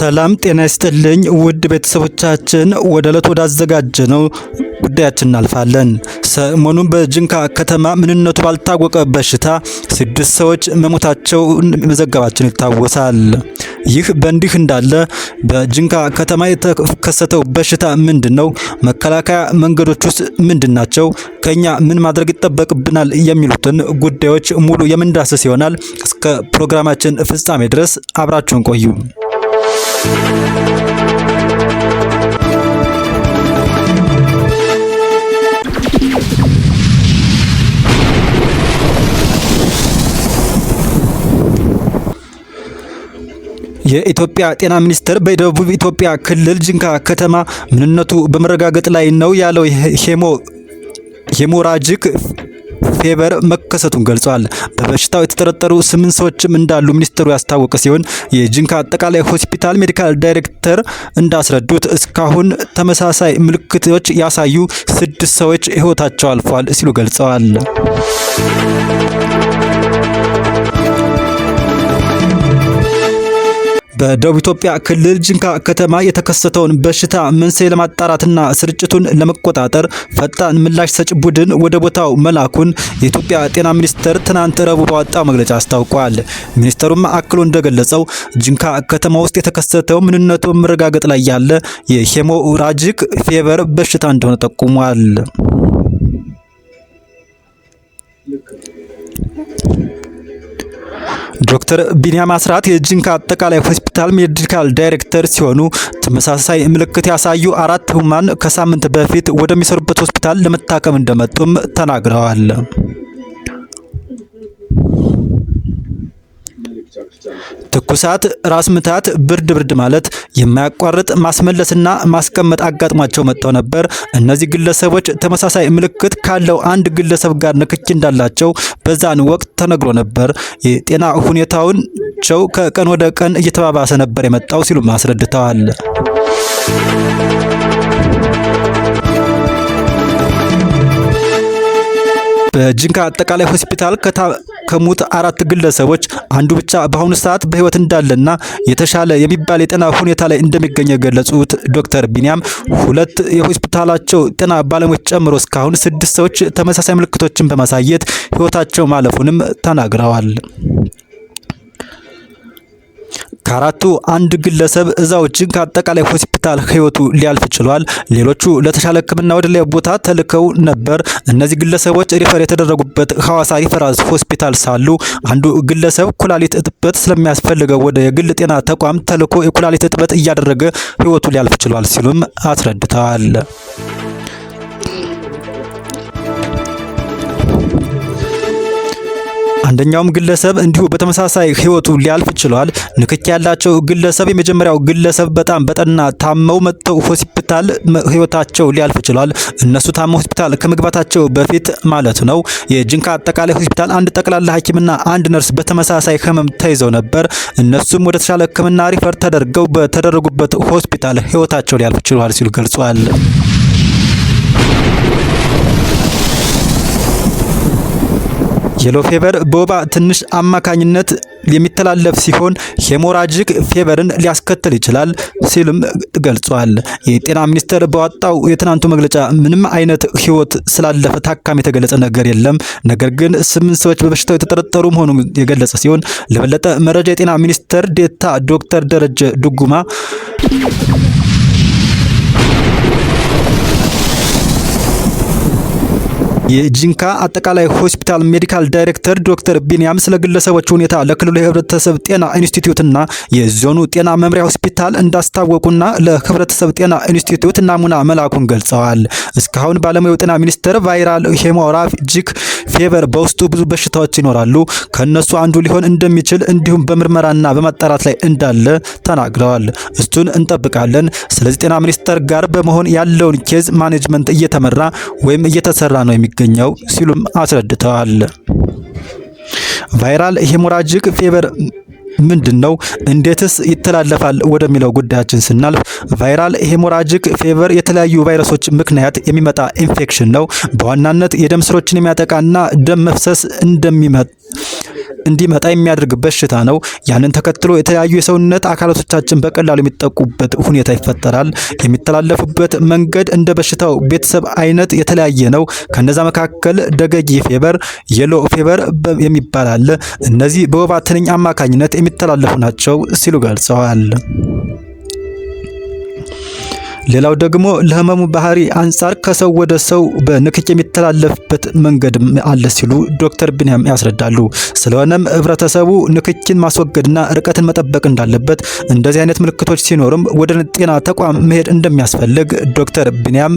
ሰላም ጤና ይስጥልኝ ውድ ቤተሰቦቻችን፣ ወደ ዕለት ወዳዘጋጀ ነው ጉዳያችን እናልፋለን። ሰሞኑን በጅንካ ከተማ ምንነቱ ባልታወቀ በሽታ ስድስት ሰዎች መሞታቸው መዘገባችን ይታወሳል። ይህ በእንዲህ እንዳለ በጅንካ ከተማ የተከሰተው በሽታ ምንድን ነው? መከላከያ መንገዶች ውስጥ ምንድን ናቸው? ከኛ ምን ማድረግ ይጠበቅብናል? የሚሉትን ጉዳዮች ሙሉ የምንዳስስ ይሆናል። እስከ ፕሮግራማችን ፍጻሜ ድረስ አብራችሁን ቆዩ። የኢትዮጵያ ጤና ሚኒስቴር በደቡብ ኢትዮጵያ ክልል ጅንካ ከተማ ምንነቱ በመረጋገጥ ላይ ነው ያለው ሄሞራጂክ ፌበር መከሰቱን ገልጿል። በበሽታው የተጠረጠሩ ስምንት ሰዎችም እንዳሉ ሚኒስትሩ ያስታወቀ ሲሆን የጂንካ አጠቃላይ ሆስፒታል ሜዲካል ዳይሬክተር እንዳስረዱት እስካሁን ተመሳሳይ ምልክቶች ያሳዩ ስድስት ሰዎች ህይወታቸው አልፏል ሲሉ ገልጸዋል። በደቡብ ኢትዮጵያ ክልል ጅንካ ከተማ የተከሰተውን በሽታ መንስኤ ለማጣራትና ስርጭቱን ለመቆጣጠር ፈጣን ምላሽ ሰጭ ቡድን ወደ ቦታው መላኩን የኢትዮጵያ ጤና ሚኒስቴር ትናንት ረቡዕ ባወጣው መግለጫ አስታውቋል። ሚኒስቴሩም አክሎ እንደገለጸው ጅንካ ከተማ ውስጥ የተከሰተው ምንነቱ መረጋገጥ ላይ ያለ የሄሞራጂክ ፌቨር በሽታ እንደሆነ ጠቁሟል። ዶክተር ቢንያም አስራት የጂንካ አጠቃላይ ሆስፒታል ሜዲካል ዳይሬክተር ሲሆኑ ተመሳሳይ ምልክት ያሳዩ አራት ህሙማን ከሳምንት በፊት ወደሚሰሩበት ሆስፒታል ለመታከም እንደመጡም ተናግረዋል። ትኩሳት፣ ራስ ምታት፣ ብርድ ብርድ ማለት፣ የማያቋርጥ ማስመለስና ማስቀመጥ አጋጥሟቸው መጥተው ነበር። እነዚህ ግለሰቦች ተመሳሳይ ምልክት ካለው አንድ ግለሰብ ጋር ንክኪ እንዳላቸው በዛን ወቅት ተነግሮ ነበር። የጤና ሁኔታቸው ከቀን ወደ ቀን እየተባባሰ ነበር የመጣው ሲሉም አስረድተዋል። በጅንካ አጠቃላይ ሆስፒታል ከሙት አራት ግለሰቦች አንዱ ብቻ በአሁኑ ሰዓት በህይወት እንዳለና የተሻለ የሚባል የጤና ሁኔታ ላይ እንደሚገኝ የገለጹት ዶክተር ቢኒያም ሁለት የሆስፒታላቸው ጤና ባለሙያዎች ጨምሮ እስካሁን ስድስት ሰዎች ተመሳሳይ ምልክቶችን በማሳየት ህይወታቸው ማለፉንም ተናግረዋል። ከአራቱ አንድ ግለሰብ እዛው ጅንካ አጠቃላይ ሆስፒታል ህይወቱ ሊያልፍ ችሏል። ሌሎቹ ለተሻለ ህክምና ወደ ሌላ ቦታ ተልከው ነበር። እነዚህ ግለሰቦች ሪፈር የተደረጉበት ሐዋሳ ሪፈራል ሆስፒታል ሳሉ አንዱ ግለሰብ ኩላሊት እጥበት ስለሚያስፈልገው ወደ የግል ጤና ተቋም ተልኮ የኩላሊት እጥበት እያደረገ ህይወቱ ሊያልፍ ችሏል ሲሉም አስረድተዋል። አንደኛውም ግለሰብ እንዲሁ በተመሳሳይ ህይወቱ ሊያልፍ ችሏል። ንክኪ ያላቸው ግለሰብ የመጀመሪያው ግለሰብ በጣም በጠና ታመው መጥተው ሆስፒታል ህይወታቸው ሊያልፍ ችሏል። እነሱ ታመው ሆስፒታል ከመግባታቸው በፊት ማለት ነው። የጅንካ አጠቃላይ ሆስፒታል አንድ ጠቅላላ ሐኪምና አንድ ነርስ በተመሳሳይ ህመም ተይዘው ነበር። እነሱም ወደ ተሻለ ህክምና ሪፈር ተደርገው በተደረጉበት ሆስፒታል ህይወታቸው ሊያልፍ ችሏል ሲሉ ገልጿል። የሎ ፌቨር በወባ ትንሽ አማካኝነት የሚተላለፍ ሲሆን ሄሞራጂክ ፌቨርን ሊያስከትል ይችላል ሲልም ገልጿል። የጤና ሚኒስቴር በወጣው የትናንቱ መግለጫ ምንም አይነት ህይወት ስላለፈ ታካሚ የተገለጸ ነገር የለም። ነገር ግን ስምንት ሰዎች በበሽታው የተጠረጠሩ መሆኑን የገለጸ ሲሆን ለበለጠ መረጃ የጤና ሚኒስቴር ዴታ ዶክተር ደረጀ ዱጉማ የጂንካ አጠቃላይ ሆስፒታል ሜዲካል ዳይሬክተር ዶክተር ቢንያም ስለ ግለሰቦች ሁኔታ ለክልሉ የህብረተሰብ ጤና ኢንስቲትዩትና የዞኑ ጤና መምሪያ ሆስፒታል እንዳስታወቁና ለህብረተሰብ ጤና ኢንስቲትዩት ናሙና መላኩን ገልጸዋል። እስካሁን ባለሙያው ጤና ሚኒስቴር ቫይራል ሄሞራጂክ ፌቨር በውስጡ ብዙ በሽታዎች ይኖራሉ። ከእነሱ አንዱ ሊሆን እንደሚችል እንዲሁም በምርመራና በማጣራት ላይ እንዳለ ተናግረዋል። እሱን እንጠብቃለን። ስለዚህ ጤና ሚኒስቴር ጋር በመሆን ያለውን ኬዝ ማኔጅመንት እየተመራ ወይም እየተሰራ ነው የሚገኘው ሲሉም አስረድተዋል። ቫይራል ሄሞራጂክ ፌቨር ምንድን ነው? እንዴትስ ይተላለፋል? ወደሚለው ጉዳያችን ስናልፍ ቫይራል ሄሞራጂክ ፌቨር የተለያዩ ቫይረሶች ምክንያት የሚመጣ ኢንፌክሽን ነው። በዋናነት የደም ስሮችን የሚያጠቃና ደም መፍሰስ እንደሚመጣ እንዲመጣ የሚያደርግ በሽታ ነው። ያንን ተከትሎ የተለያዩ የሰውነት አካላቶቻችን በቀላሉ የሚጠቁበት ሁኔታ ይፈጠራል። የሚተላለፉበት መንገድ እንደ በሽታው ቤተሰብ አይነት የተለያየ ነው። ከነዛ መካከል ደገጊ ፌበር፣ የሎ ፌበር የሚባል አለ። እነዚህ በወባ ትንኝ አማካኝነት የሚተላለፉ ናቸው ሲሉ ገልጸዋል። ሌላው ደግሞ ለህመሙ ባህሪ አንጻር ከሰው ወደ ሰው በንክኪ የሚተላለፍበት መንገድም አለ ሲሉ ዶክተር ቢንያም ያስረዳሉ። ስለሆነም ህብረተሰቡ ንክኪን ማስወገድና ርቀትን መጠበቅ እንዳለበት፣ እንደዚህ አይነት ምልክቶች ሲኖርም ወደ ጤና ተቋም መሄድ እንደሚያስፈልግ ዶክተር ቢንያም